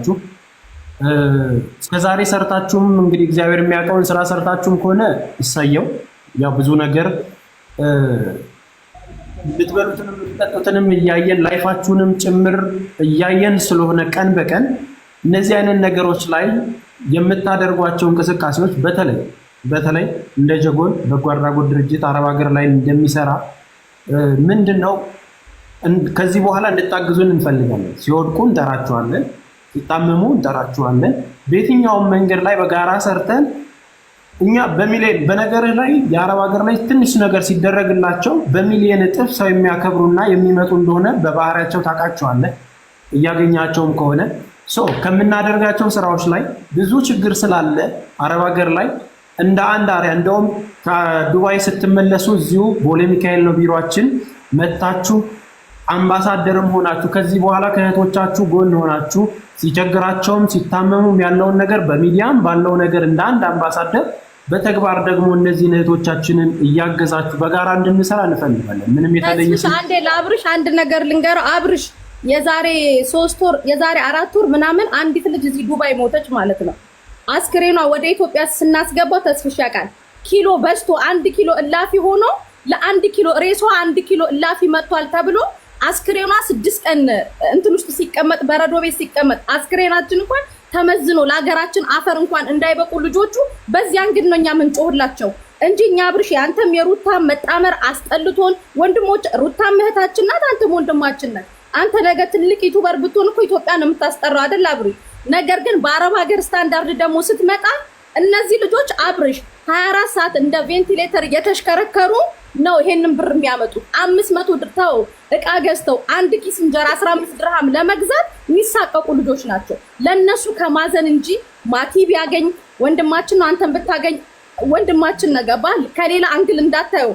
ያለባችሁ። እስከዛሬ ሰርታችሁም እንግዲህ እግዚአብሔር የሚያውቀውን ስራ ሰርታችሁም ከሆነ ይሳየው። ያው ብዙ ነገር የምትበሉትንም የምትጠጡትንም እያየን ላይፋችሁንም ጭምር እያየን ስለሆነ ቀን በቀን እነዚህ አይነት ነገሮች ላይ የምታደርጓቸው እንቅስቃሴዎች በተለይ በተለይ እንደ ጀጎል በጎ አድራጎት ድርጅት አረብ ሀገር ላይ እንደሚሰራ ምንድን ነው ከዚህ በኋላ እንድታግዙን እንፈልጋለን። ሲወድቁ እንጠራችኋለን። ሲታመሙ እንጠራችኋለን። በየትኛውም መንገድ ላይ በጋራ ሰርተን እኛ በሚሊዮን በነገርህ ላይ የአረብ ሀገር ላይ ትንሽ ነገር ሲደረግላቸው በሚሊዮን እጥፍ ሰው የሚያከብሩና የሚመጡ እንደሆነ በባህሪያቸው ታውቃቸዋለህ። እያገኛቸውም ከሆነ ከምናደርጋቸው ስራዎች ላይ ብዙ ችግር ስላለ አረብ ሀገር ላይ እንደ አንድ አሪያ እንደውም ከዱባይ ስትመለሱ እዚሁ ቦሌ ሚካኤል ነው ቢሮችን መታችሁ አምባሳደርም ሆናችሁ ከዚህ በኋላ ከእህቶቻችሁ ጎን ሆናችሁ ሲቸግራቸውም ሲታመሙም ያለውን ነገር በሚዲያም ባለው ነገር እንደ አንድ አምባሳደር በተግባር ደግሞ እነዚህን እህቶቻችንን እያገዛችሁ በጋራ እንድንሰራ እንፈልጋለን። ምንም የተለየ አንዴ ለአብርሽ አንድ ነገር ልንገረው። አብርሽ የዛሬ ሶስት ወር የዛሬ አራት ወር ምናምን አንዲት ልጅ እዚህ ዱባይ ሞተች ማለት ነው። አስክሬኗ ወደ ኢትዮጵያ ስናስገባው ተስፍሽ ያውቃል ኪሎ በዝቶ አንድ ኪሎ እላፊ ሆኖ ለአንድ ኪሎ ሬሶ አንድ ኪሎ እላፊ መጥቷል ተብሎ አስክሬኗ ስድስት ቀን እንትን ውስጥ ሲቀመጥ በረዶ ቤት ሲቀመጥ አስክሬናችን እንኳን ተመዝኖ ለሀገራችን አፈር እንኳን እንዳይበቁ ልጆቹ በዚያን ግን ነው እኛ ምንጮህላቸው እንጂ እኛ አብርሽ የአንተም የሩታ መጣመር አስጠልቶን፣ ወንድሞች ሩታ እህታችን ናት፣ አንተም ወንድማችን ነን። አንተ ነገ ትልቅ ዩቱበር ብትሆን እኮ ኢትዮጵያን የምታስጠራው አይደል አብርሽ? ነገር ግን በአረብ ሀገር ስታንዳርድ ደግሞ ስትመጣ እነዚህ ልጆች አብርሽ ሀያ አራት ሰዓት እንደ ቬንቲሌተር እየተሽከረከሩ ነው ይሄንን ብር የሚያመጡ አምስት መቶ ድርተው እቃ ገዝተው አንድ ኪስ እንጀራ አስራ አምስት ድርሃም ለመግዛት የሚሳቀቁ ልጆች ናቸው። ለእነሱ ከማዘን እንጂ ማቲ ቢያገኝ ወንድማችን አንተን ብታገኝ ወንድማችን ነገ ባል ከሌላ አንግል እንዳታየው።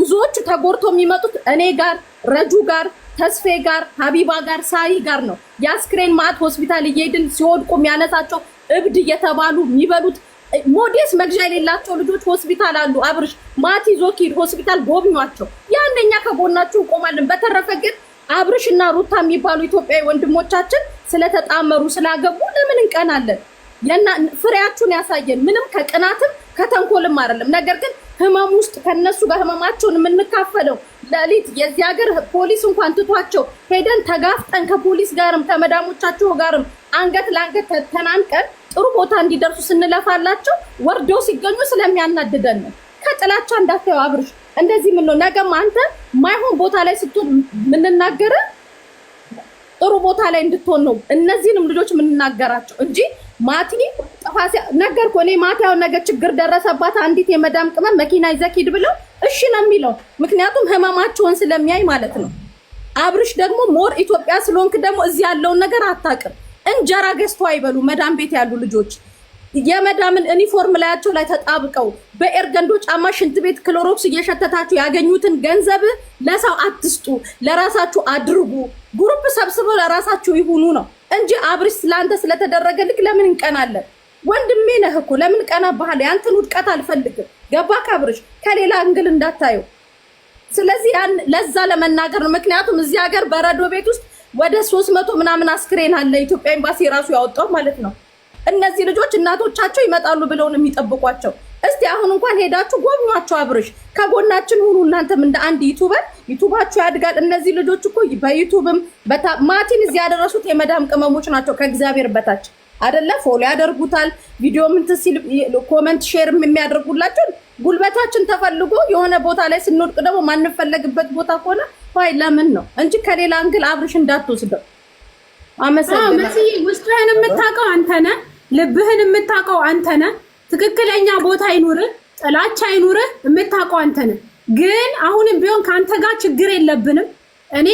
ብዙዎቹ ተጎድቶ የሚመጡት እኔ ጋር፣ ረጁ ጋር፣ ተስፌ ጋር፣ ሀቢባ ጋር፣ ሳሪ ጋር ነው። የአስክሬን ማት ሆስፒታል እየሄድን ሲወድቁ የሚያነሳቸው እብድ እየተባሉ የሚበሉት ሞዴስ መግዣ የሌላቸው ልጆች ሆስፒታል አሉ። አብርሽ ማቲ ዞኪድ ሆስፒታል ጎብኟቸው። ያንደኛ ከጎናችሁ እቆማለን። በተረፈ ግን አብርሽ እና ሩታ የሚባሉ ኢትዮጵያዊ ወንድሞቻችን ስለተጣመሩ ስላገቡ ለምን እንቀናለን? ፍሬያችሁን ያሳየን። ምንም ከቅናትም ከተንኮልም አይደለም። ነገር ግን ህመም ውስጥ ከነሱ ጋር ህመማቸውን የምንካፈለው ለሊት የዚህ ሀገር ፖሊስ እንኳን ትቷቸው ሄደን ተጋፍጠን ከፖሊስ ጋርም ከመዳሞቻቸው ጋርም አንገት ለአንገት ተናንቀን ጥሩ ቦታ እንዲደርሱ ስንለፋላቸው ወርደው ሲገኙ ስለሚያናድደን ነው። ከጥላቻ እንዳታዩ አብርሽ፣ እንደዚህ ምን ነው ነገም አንተ ማይሆን ቦታ ላይ ስትሆን የምንናገረ ጥሩ ቦታ ላይ እንድትሆን ነው። እነዚህንም ልጆች የምንናገራቸው እንጂ ማቲ ጥፋት ነገር እኔ ማቲ ያው ነገ ችግር ደረሰባት አንዲት የመዳም ቅመም መኪና ይዘህ ሂድ ብለው እሺ ነው የሚለው፣ ምክንያቱም ህመማቸውን ስለሚያይ ማለት ነው። አብርሽ ደግሞ ሞር ኢትዮጵያ ስለሆንክ ደግሞ እዚህ ያለውን ነገር አታውቅም። እንጀራ ገዝቶ አይበሉ። መዳም ቤት ያሉ ልጆች የመዳምን ዩኒፎርም ላያቸው ላይ ተጣብቀው በኤርገንዶ ጫማ ሽንት ቤት ክሎሮክስ እየሸተታችሁ ያገኙትን ገንዘብ ለሰው አትስጡ፣ ለራሳችሁ አድርጉ። ጉሩፕ ሰብስበው ለራሳችሁ ይሁኑ ነው እንጂ አብሪስ ለአንተ ልክ ለምን እንቀናለን? ወንድሜ ነህ እኮ ለምን ቀና ባህል ያንተን ውድቀት አልፈልግም። ገባ ካብርሽ ከሌላ እንግል እንዳታየው። ስለዚህ ለዛ ለመናገር ነው። ምክንያቱም እዚህ ሀገር በረዶ ቤት ውስጥ ወደ ሶስት መቶ ምናምን አስክሬን አለ ኢትዮጵያ ኤምባሲ ራሱ ያወጣው ማለት ነው። እነዚህ ልጆች እናቶቻቸው ይመጣሉ ብለውን የሚጠብቋቸው። እስቲ አሁን እንኳን ሄዳችሁ ጎብኗቸው፣ አብርሽ ከጎናችን ሁኑ። እናንተም እንደ አንድ ዩቱበር ዩቱባችሁ ያድጋል። እነዚህ ልጆች እኮ በዩቱብም ማቲን እዚህ ያደረሱት የመዳም ቅመሞች ናቸው ከእግዚአብሔር በታች አደለ ፎሎ ያደርጉታል። ቪዲዮ ምንትን ሲል ኮመንት ሼር የሚያደርጉላቸው ጉልበታችን ተፈልጎ የሆነ ቦታ ላይ ስንወድቅ ደግሞ ማንፈለግበት ቦታ ከሆነ ይ ለምን ነው እንጂ ከሌላ አንግል አብርሽ እንዳትወስደው። አመሰግናለሁ። ውስጥህን የምታውቀው አንተ ነህ። ልብህን የምታውቀው አንተ ነህ። ትክክለኛ ቦታ አይኑርህ፣ ጥላቻ አይኑርህ፣ የምታውቀው አንተ ነህ። ግን አሁንም ቢሆን ከአንተ ጋር ችግር የለብንም። እኔ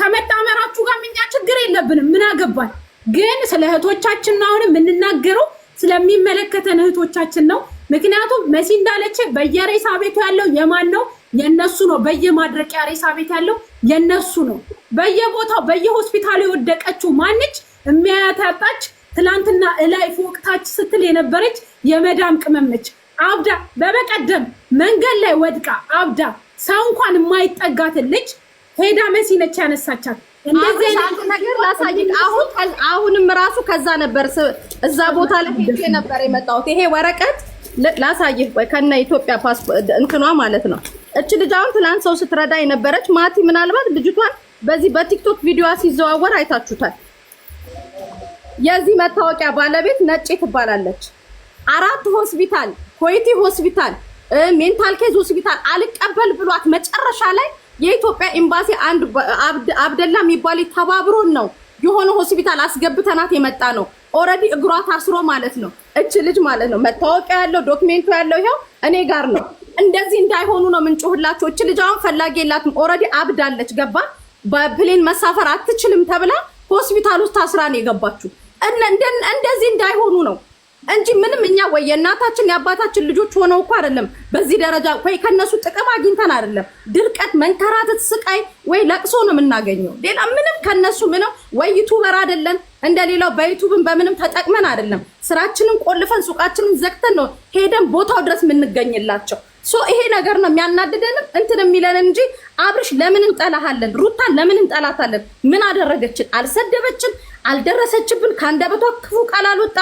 ከመጣመራችሁ ጋር እኛ ችግር የለብንም። ምን አገባል። ግን ስለ እህቶቻችን ነው አሁን የምንናገረው፣ ስለሚመለከተን እህቶቻችን ነው። ምክንያቱም መሲ እንዳለች በየሬሳ ቤቱ ያለው የማን ነው? የነሱ ነው። በየማድረቂያ ሬሳ ቤት ያለው የነሱ ነው። በየቦታው በየሆስፒታሉ የወደቀችው ማንች የሚያታጣች ትላንትና እላይ ፎቅታች ስትል የነበረች የመዳም ቅመም ነች። አብዳ በበቀደም መንገድ ላይ ወድቃ አብዳ ሰው እንኳን የማይጠጋትን ልጅ ሄዳ መሲ ነች ያነሳቻት። እንደዚህ አሁንም ራሱ ከዛ ነበር እዛ ቦታ ላይ ነበር የመጣሁት ይሄ ወረቀት ላሳይህ ወይ ከነ ኢትዮጵያ ፓስፖርት እንትኗ ማለት ነው። እች ልጅ አሁን ትናንት ሰው ስትረዳ የነበረች ማቲ፣ ምናልባት ልጅቷን በዚህ በቲክቶክ ቪዲዮ ሲዘዋወር አይታችሁታል። የዚህ መታወቂያ ባለቤት ነጭ ትባላለች። አራት ሆስፒታል፣ ኮይቲ ሆስፒታል፣ ሜንታል ኬዝ ሆስፒታል አልቀበል ብሏት መጨረሻ ላይ የኢትዮጵያ ኤምባሲ አንድ አብደላ የሚባል ተባብሮን ነው የሆነ ሆስፒታል አስገብተናት የመጣ ነው ኦልሬዲ እግሯ ታስሮ ማለት ነው። እች ልጅ ማለት ነው መታወቂያ ያለው ዶክሜንቱ ያለው ይኸው እኔ ጋር ነው። እንደዚህ እንዳይሆኑ ነው ምንጮህላቸው። እች ልጅ አሁን ፈላጊ የላትም። ኦልሬዲ አብዳለች። ገባ በፕሌን መሳፈር አትችልም ተብላ ሆስፒታል ውስጥ ታስራ ነው የገባችሁ። እንደዚህ እንዳይሆኑ ነው እንጂ ምንም እኛ ወይ የእናታችን የአባታችን ልጆች ሆነው እኮ አይደለም በዚህ ደረጃ ወይ ከነሱ ጥቅም አግኝተን አይደለም። ድርቀት፣ መንከራተት፣ ስቃይ ወይ ለቅሶ ነው የምናገኘው። ሌላ ምንም ከነሱ ምንም ወይ ዩቱበር አይደለም እንደሌላው በዩቱብን በምንም ተጠቅመን አይደለም። ስራችንን ቆልፈን ሱቃችንን ዘግተን ነው ሄደን ቦታው ድረስ የምንገኝላቸው። ሶ ይሄ ነገር ነው የሚያናድደንም እንትን የሚለን እንጂ አብርሽ ለምን እንጠላሃለን? ሩታን ለምን እንጠላታለን? ምን አደረገችን? አልሰደበችን፣ አልደረሰችብን፣ ከአንደበቷ ክፉ ቃል አልወጣ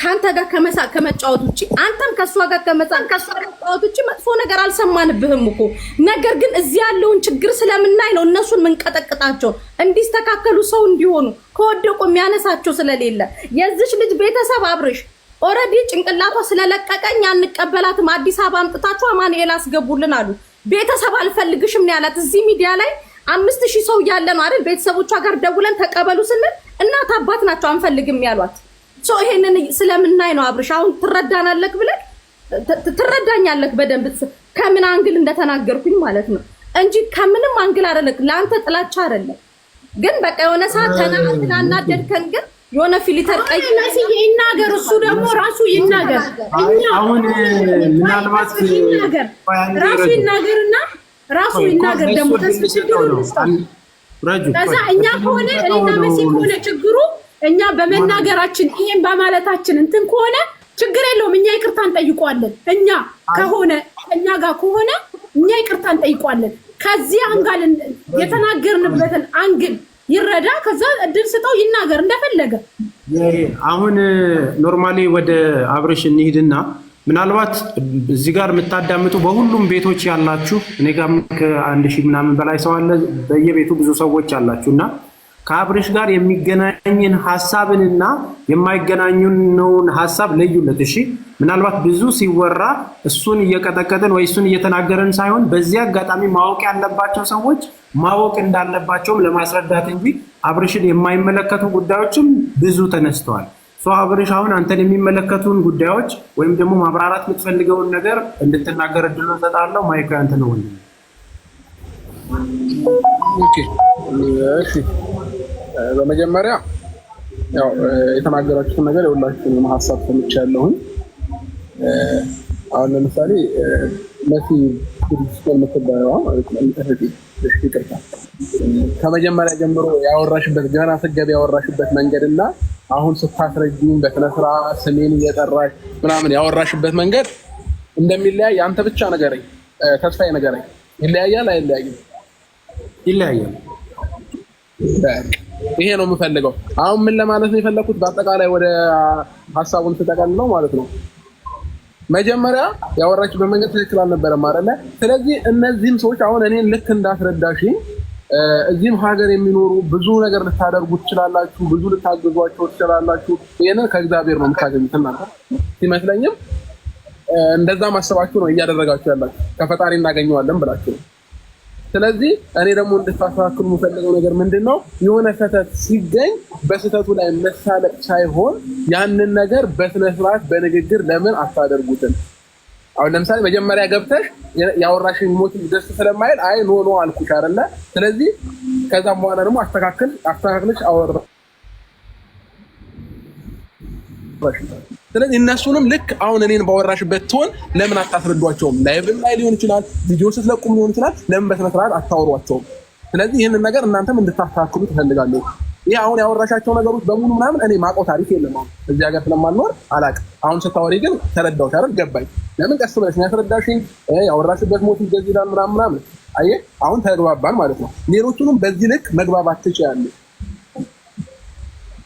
ከአንተ ጋር ከመሳቅ ከመጫወት ውጭ አንተም ከእሷ ጋር ከመሳቅ ከእሷ ጋር ከመጫወት ውጭ መጥፎ ነገር አልሰማንብህም እኮ። ነገር ግን እዚህ ያለውን ችግር ስለምናይ ነው እነሱን ምንቀጠቅጣቸው እንዲስተካከሉ ሰው እንዲሆኑ ከወደቁ የሚያነሳቸው ስለሌለ የዚች ልጅ ቤተሰብ አብርሽ ኦልሬዲ ጭንቅላቷ ስለለቀቀኝ አንቀበላትም፣ አዲስ አበባ አምጥታችሁ አማኑኤል አስገቡልን አሉ። ቤተሰብ አልፈልግሽም ነው ያላት። እዚህ ሚዲያ ላይ አምስት ሺህ ሰው እያለ ነው አይደል ቤተሰቦቿ ጋር ደውለን ተቀበሉ ስንል እናት አባት ናቸው አንፈልግም ያሏት ይሄንን ስለምናይ ነው አብርሽ አሁን ትረዳናለክ ብለህ ትረዳኛለክ በደንብ ከምን አንግል እንደተናገርኩኝ ማለት ነው እንጂ ከምንም አንግል አይደለም። ለአንተ ጥላቻ አይደለም። ግን በቃ የሆነ ሰዓት ተናትና እናደድከን ግን የሆነ ፊልተር ቀይ ይናገር፣ እሱ ደግሞ ራሱ ይናገር፣ ራሱ ይናገር እና ራሱ ይናገር ደግሞ ተስፍሽ ከዛ እኛ ከሆነ እኔና መሲ ከሆነ ችግሩ እኛ በመናገራችን ይሄን በማለታችን እንትን ከሆነ ችግር የለውም። እኛ ይቅርታ እንጠይቋለን። እኛ ከሆነ እኛ ጋር ከሆነ እኛ ይቅርታ እንጠይቋለን። ከዚህ አንጋል የተናገርንበትን አንግል ይረዳ። ከዛ እድል ስጠው ይናገር እንደፈለገ። አሁን ኖርማሊ ወደ አብርሽ እንሂድና ምናልባት እዚህ ጋር የምታዳምጡ በሁሉም ቤቶች ያላችሁ እኔ ጋር ከአንድ ሺህ ምናምን በላይ ሰው አለ። በየቤቱ ብዙ ሰዎች አላችሁ እና ከአብሬሽ ጋር የሚገናኝን ሀሳብንና የማይገናኙነውን ሀሳብ ለዩለት። እሺ ምናልባት ብዙ ሲወራ እሱን እየቀጠቀጥን ወይ እሱን እየተናገረን ሳይሆን በዚህ አጋጣሚ ማወቅ ያለባቸው ሰዎች ማወቅ እንዳለባቸውም ለማስረዳት እንጂ አብሬሽን የማይመለከቱ ጉዳዮችም ብዙ ተነስተዋል። አብሬሽ አሁን አንተን የሚመለከቱን ጉዳዮች ወይም ደግሞ ማብራራት የምትፈልገውን ነገር እንድትናገር እድሎ ሰጣለው። ማይክ ያንተ ነው ወንድም። በመጀመሪያ ያው ነገር የሁላችሁንም ሀሳብ ሰምቻለሁኝ። አሁን ለምሳሌ መሲ ቱሪስቶል የምትባለዋ ከመጀመሪያ ጀምሮ ያወራሽበት ገና ስገብ ያወራሽበት መንገድ እና አሁን ስታስረጅኝ በስነስርዓት ስሜን እየጠራሽ ምናምን ያወራሽበት መንገድ እንደሚለያይ አንተ ብቻ ነገረኝ፣ ተስፋዬ ነገረኝ። ይለያያል አይለያይም? ይለያያል። ይሄ ነው የምፈልገው። አሁን ምን ለማለት ነው የፈለኩት፣ በአጠቃላይ ወደ ሀሳቡን ትጠቀል ነው ማለት ነው። መጀመሪያ ያወራችበት በመንገድ ትክክል አልነበረም አይደለ? ስለዚህ እነዚህም ሰዎች አሁን እኔን ልክ እንዳስረዳሽኝ እዚህም ሀገር የሚኖሩ ብዙ ነገር ልታደርጉ ትችላላችሁ፣ ብዙ ልታግዟቸው ትችላላችሁ። ይህንን ከእግዚአብሔር ነው የምታገኙት እናንተ ሲመስለኝም እንደዛ ማሰባችሁ ነው እያደረጋችሁ ያላችሁ ከፈጣሪ እናገኘዋለን ብላችሁ ነው ስለዚህ እኔ ደግሞ እንድታስተካክሉ የምፈልገው ነገር ምንድን ነው፣ የሆነ ስህተት ሲገኝ በስህተቱ ላይ መሳለቅ ሳይሆን ያንን ነገር በስነስርዓት በንግግር ለምን አታደርጉትን? አሁን ለምሳሌ መጀመሪያ ገብተሽ የአወራሽኝ ሞት ደስ ስለማይል አይ ኖ ኖ አልኩሽ አይደለ? ስለዚህ ከዛም በኋላ ደግሞ አስተካክል አስተካክልሽ አወራ ስለዚህ እነሱንም ልክ አሁን እኔን ባወራሽበት ትሆን ለምን አታስረዷቸውም? ላይቭም ላይ ሊሆን ይችላል፣ ቪዲዮ ስትለቁም ሊሆን ይችላል። ለምን በስነስርዓት አታወሯቸውም? ስለዚህ ይህንን ነገር እናንተም እንድታስተካክሉ ትፈልጋለሁ። ይህ አሁን ያወራሻቸው ነገሮች በሙሉ ምናምን እኔ ማቆ ታሪክ የለም። አሁን እዚህ ሀገር ስለማልኖር አላውቅም። አሁን ስታወሪ ግን ተረዳው አይደል? ገባኝ። ለምን ቀስ ብለሽ ያስረዳሽኝ። ያወራሽበት ሞት ይገዝላል ምናምን ምናምን። አየህ አሁን ተግባባን ማለት ነው። ሌሎቹንም በዚህ ልክ መግባባት ትችያለሽ።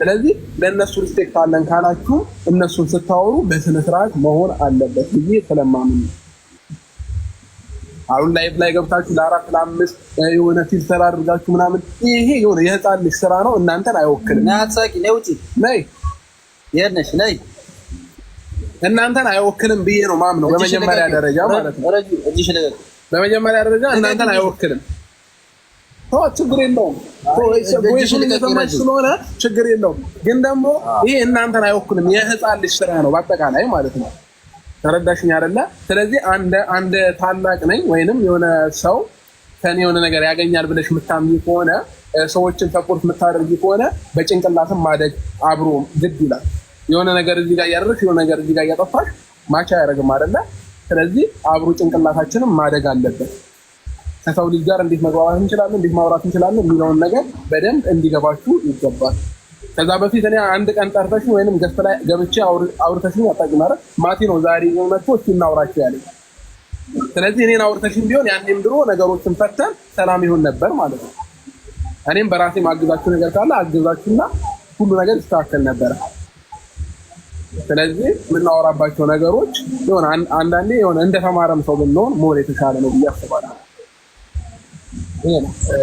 ስለዚህ ለእነሱ ሪስፔክት አለን ካላችሁ እነሱን ስታወሩ በስነስርዓት መሆን አለበት ብዬ ስለማምን ነው። አሁን ላይፍ ላይ ገብታችሁ ለአራት ለአምስት የሆነ ፊልተር አድርጋችሁ ምናምን ይሄ የሆነ የህፃን ልጅ ስራ ነው። እናንተን አይወክልም። ናሳቂ ነይ ውጪ ነይ የነሽ ነይ እናንተን አይወክልም ብዬ ነው ማምነው። በመጀመሪያ ደረጃ ማለት ነው። በመጀመሪያ ደረጃ እናንተን አይወክልም። ችግር የለውም። እየሰማች ስለሆነ ችግር የለውም። ግን ደግሞ ይህ እናንተን አይወክልም። የህፃን ልጅ ስራ ነው በአጠቃላይ ማለት ነው። ተረዳሽኝ አይደለ? ስለዚህ አንድ ታላቅ ነኝ ወይንም የሆነ ሰው ከኔ የሆነ ነገር ያገኛል ብለሽ የምታምኝ ከሆነ ሰዎችን ሰፖርት የምታደርጊ ከሆነ በጭንቅላትም ማደግ አብሮ ግድ ይላል። የሆነ ነገር እዚህ ጋር እያደረግሽ የሆነ ነገር እዚህ ጋር እያጠፋሽ ማቻ አያደርግም አይደለ? ስለዚህ አብሮ ጭንቅላታችንም ማደግ አለበት። ከሰው ልጅ ጋር እንዴት መግባባት እንችላለን፣ እንዴት ማውራት እንችላለን የሚለውን ነገር በደንብ እንዲገባችሁ ይገባል። ከዛ በፊት እኔ አንድ ቀን ጠርተሽ ወይም ገስት ላይ ገብቼ አውርተሽ አጣቂ ማረ ማቲ ነው ዛሬ መጥቶ እሱ እናውራቸው ያለ። ስለዚህ እኔን አውርተሽን ቢሆን ያኔም ድሮ ነገሮችን ፈተን ሰላም ይሆን ነበር ማለት ነው። እኔም በራሴ ማግዛችሁ ነገር ካለ አግዛችሁና ሁሉ ነገር ይስተካከል ነበረ። ስለዚህ የምናወራባቸው ነገሮች ሆነ አንዳንዴ የሆነ እንደተማረም ሰው ብንሆን ሞር የተሻለ ነው ብዬ አስባለሁ።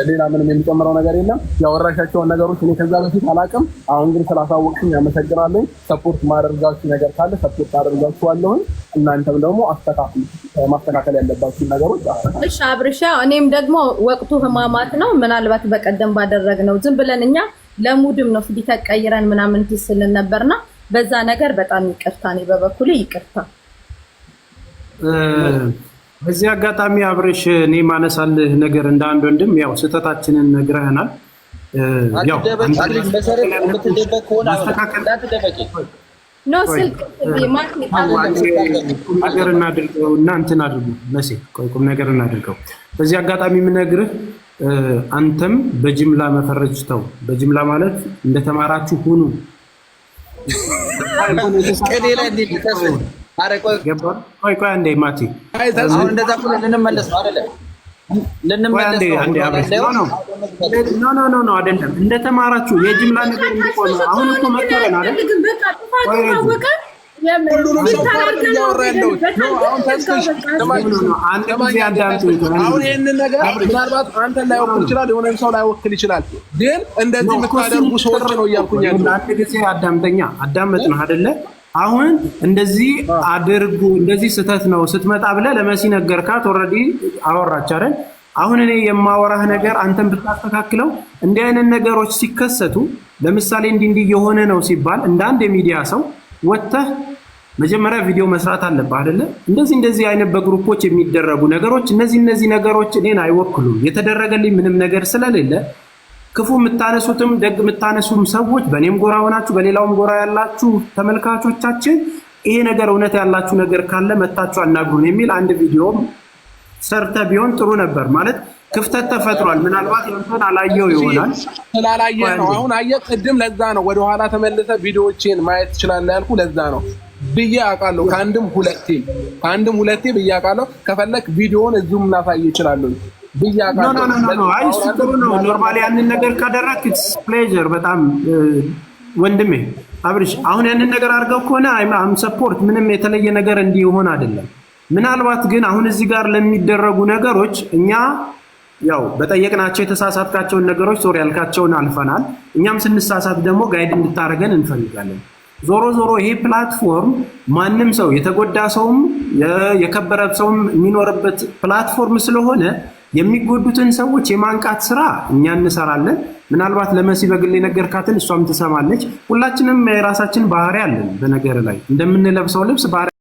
ሌላ ምንም የሚጨምረው ነገር የለም። ያወራሻቸውን ነገሮች እኔ ከዛ በፊት አላውቅም። አሁን ግን ስላሳወቅሽኝ ያመሰግናለኝ። ሰፖርት ማደርጋችሁ ነገር ካለ ሰፖርት አደርጋችኋለሁኝ። እናንተም ደግሞ አስተካክሉ፣ ማስተካከል ያለባችሁ ነገሮች አስተካክሉ። እሺ አብርሻ፣ እኔም ደግሞ ወቅቱ ህማማት ነው። ምናልባት በቀደም ባደረግ ነው ዝም ብለን እኛ ለሙድም ነው ፊት ቀይረን ምናምን ስልን ነበርና በዛ ነገር በጣም ይቅርታ፣ እኔ በበኩሌ ይቅርታ በዚህ አጋጣሚ አብረሽ እኔ ማነሳልህ ነገር እንደ አንድ ወንድም ያው ስህተታችንን ነግረህናል። ነገር እናድርገው እና እንትን አድርጉ መሴ ቁም ነገር እናድርገው። በዚህ አጋጣሚ የምነግርህ አንተም በጅምላ መፈረጅ ተው። በጅምላ ማለት እንደተማራችሁ ሁኑ። ኖ ኖ፣ አይደለም እንደተማራችሁ የጅምላ ነገር እንዲቆም አሁን እኮ መከረን አይደል? ይችላል፣ የሆነ ሰው ነው እያልኩኝ አዳምጠኛ አዳመጥን አይደለ? አሁን እንደዚህ አድርጉ እንደዚህ ስህተት ነው ስትመጣ ብለህ ለመሲ ነገርካት። ኦልሬዲ አወራች አይደል? አሁን እኔ የማወራህ ነገር አንተን ብታስተካክለው እንዲህ አይነት ነገሮች ሲከሰቱ ለምሳሌ እንዲህ እንዲህ የሆነ ነው ሲባል እንደ አንድ የሚዲያ ሰው ወጥተህ መጀመሪያ ቪዲዮ መስራት አለብህ አይደለ? እንደዚህ እንደዚህ አይነት በግሩፖች የሚደረጉ ነገሮች እነዚህ እነዚህ ነገሮች እኔን አይወክሉም የተደረገልኝ ምንም ነገር ስለሌለ ክፉ የምታነሱትም ደግ የምታነሱም ሰዎች በእኔም ጎራ ሆናችሁ በሌላውም ጎራ ያላችሁ ተመልካቾቻችን ይሄ ነገር እውነት ያላችሁ ነገር ካለ መታችሁ አናግሩን የሚል አንድ ቪዲዮም ሰርተ ቢሆን ጥሩ ነበር። ማለት ክፍተት ተፈጥሯል። ምናልባት ንን አላየው ይሆናል ስላላየ ነው። አሁን አየ ቅድም ለዛ ነው ወደኋላ ተመልሰ ቪዲዮዎችን ማየት ትችላለህ ያልኩ ለዛ ነው ብዬ አውቃለሁ። ከአንድም ሁለቴ ከአንድም ሁለቴ ብዬ አውቃለሁ። ከፈለክ ቪዲዮውን እዚሁም ላሳይ ይችላለሁ። አይስ ጥሩ ነው። ኖርማሊ ያንን ነገር ካደረክ ፕሌዥር በጣም ወንድሜ አብርሽ፣ አሁን ያንን ነገር አድርገው ከሆነ አም ሰፖርት ምንም የተለየ ነገር እንዲሆን አይደለም። ምናልባት ግን አሁን እዚህ ጋር ለሚደረጉ ነገሮች እኛ ያው በጠየቅናቸው የተሳሳትካቸውን ነገሮች ሶሪ ያልካቸውን አልፈናል። እኛም ስንሳሳት ደግሞ ጋይድ እንድታደርገን እንፈልጋለን። ዞሮ ዞሮ ይሄ ፕላትፎርም ማንም ሰው የተጎዳ ሰውም የከበረ ሰውም የሚኖርበት ፕላትፎርም ስለሆነ የሚጎዱትን ሰዎች የማንቃት ስራ እኛ እንሰራለን። ምናልባት ለመሲ በግል የነገርካትን እሷም ትሰማለች። ሁላችንም የራሳችን ባህሪ አለን። በነገር ላይ እንደምንለብሰው ልብስ ባህሪ